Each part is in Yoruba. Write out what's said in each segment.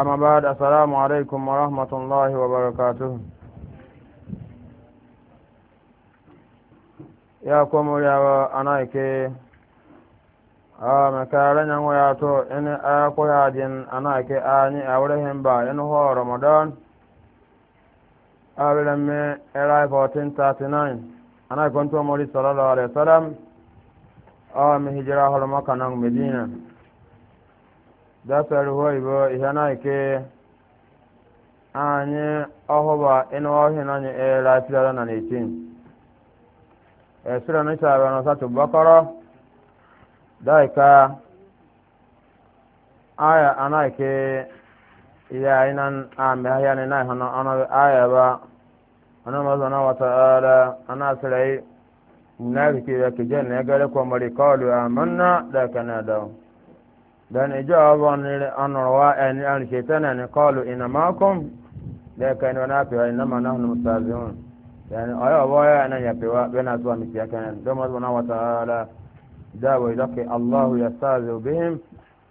أما بعد السلام عليكم ورحمة الله وبركاته يا كم يا أنايك a makaran waya to in a kuyajin ana ke ani a wurin ba in ho ramadan a wurin 1439 ana kwanto mori sallallahu alaihi wasallam a mi hijira hol makanan dasar hoibo ihana ke anyị ọhụba ịnụ ọhịa na anyị era tirara na n'etin esiri na isara na ọsatụ bakọrọ daika aya anaike ihe anyị na amị ahịa na ịna ịhụ na aya ba ọnụ mazọ na wata ala ana asịrị munafiki ya kijen na ya gare kwa mari kawalu amanna daika na adawu dan ijo abon ni anorwa en an shaitana ne qalu inna ma'akum da kai no na fi inna ma nahnu mustazun yani ayo boya nan ya pewa bena zuwa miki yake nan don mazuna wa ta'ala da wa idaki Allah yastazu bihim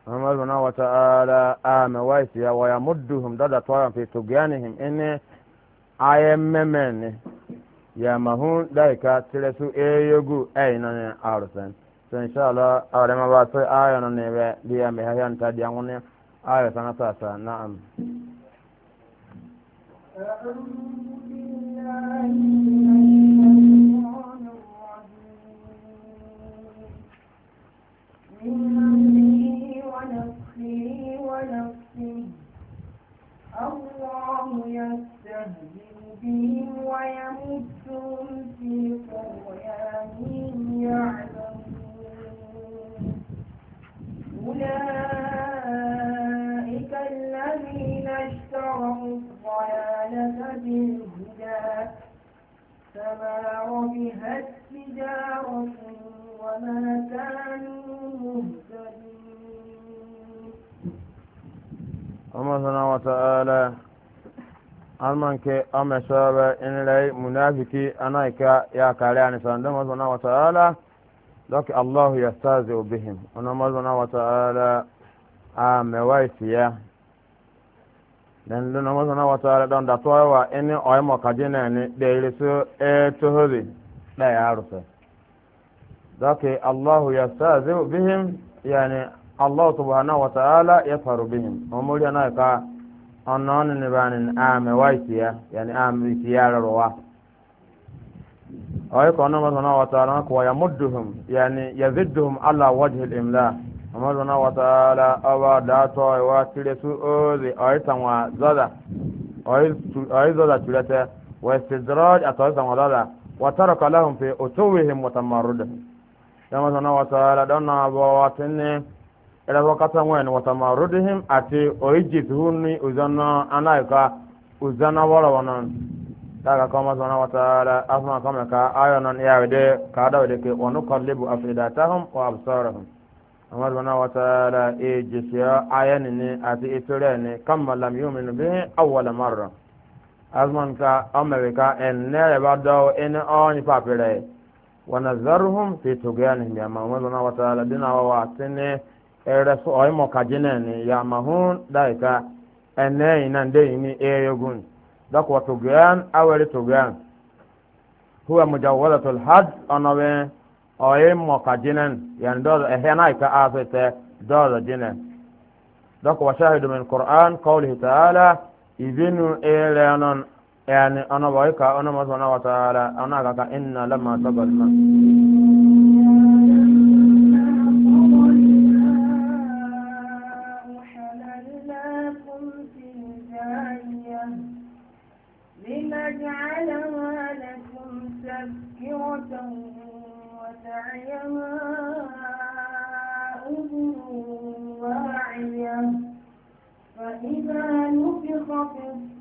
amma zuna wa ta'ala ama waisi ya wa yamudduhum dada tawa fi tugyanihim inne ayemmemen ya mahun daika tiresu eyogu ayna arsan so inshallah awre ma ba so ayo no ne be di ya me ha yan ta di angone ayo sana sasa na'am الله يستهزئ بهم ويمد بالهدى فما ربحت تجارتهم وما كانوا مهتدين الله وتعالى almanke ame sobe inilai munafiki anaika ya kare ani sanda mazana wa ta'ala dok allahu yastazi bihim ona mazana wa ta'ala a mewaitiya dan lona masana wa taala don da wa ene oy mo kajene ne de reso e tohobi da ya rusa dake allah yastaziu bihim yani allah subhanahu wa taala yafaru bihim omuri na ka onon ne banin ame waitiya yani ame tiyara rowa oy ko no masana wa ko ya mudduhum yani yazidduhum ala wajhi al-imla amadu na wataala awa daatɔ wa tire su oozi ɔyi sanwa zɔda ɔyi zɔda turɛtɛ wa istidrɔj atɔyi sanwa zɔda wa tara kalahum fi utuwihim wa tamarud amadu na wataala dɔn na bɔ waati ni ɛrɛfɔ kata ŋwɛni wa tamarudihim ati ɔyi jisuhu ni uzɔnɔ anayi ka uzɔnɔ wɔlɔ daga kama zana wa taala afma kama ka ayonon yaawede ka dawde ke wa nuqallibu afidatahum wa absarahum àwọn àdùnnà wàtàlà èjì sí ayé nìní àti ìtúrẹ́ ní kàmàlàm yóò mìíràn bí àwọlẹ̀ márùn. azman ka amẹ́ríkà ẹ̀nẹ́rẹ̀ bá dọ́wọ́ ẹni ọ́n ní pàpẹ́rẹ́ wọn zarhum fi tùgẹ́ ní yàmà àwọn àdùnnà wàtàlà dínà wà sí ní ẹrẹ sọ ọ̀yìn mọ̀kàjì náà ní yàmà hún dáìka ẹ̀nẹ́yìn náà déyìn ní ẹ̀ẹ́gùn dọ́kọ̀ tùgẹ́ awẹ́rẹ́ tùgẹ́ huwa mujawwalatul hajj ọ̀nà wẹ́n oye moka jinen yani dodo ehena ka afete dodo jinen dok wa shahidu min qur'an qawlihi ta'ala idinu ilanon yani ono boy ka ono mo wa ta'ala ona ka inna lamma sabalna سماء واعية فإذا نفخ في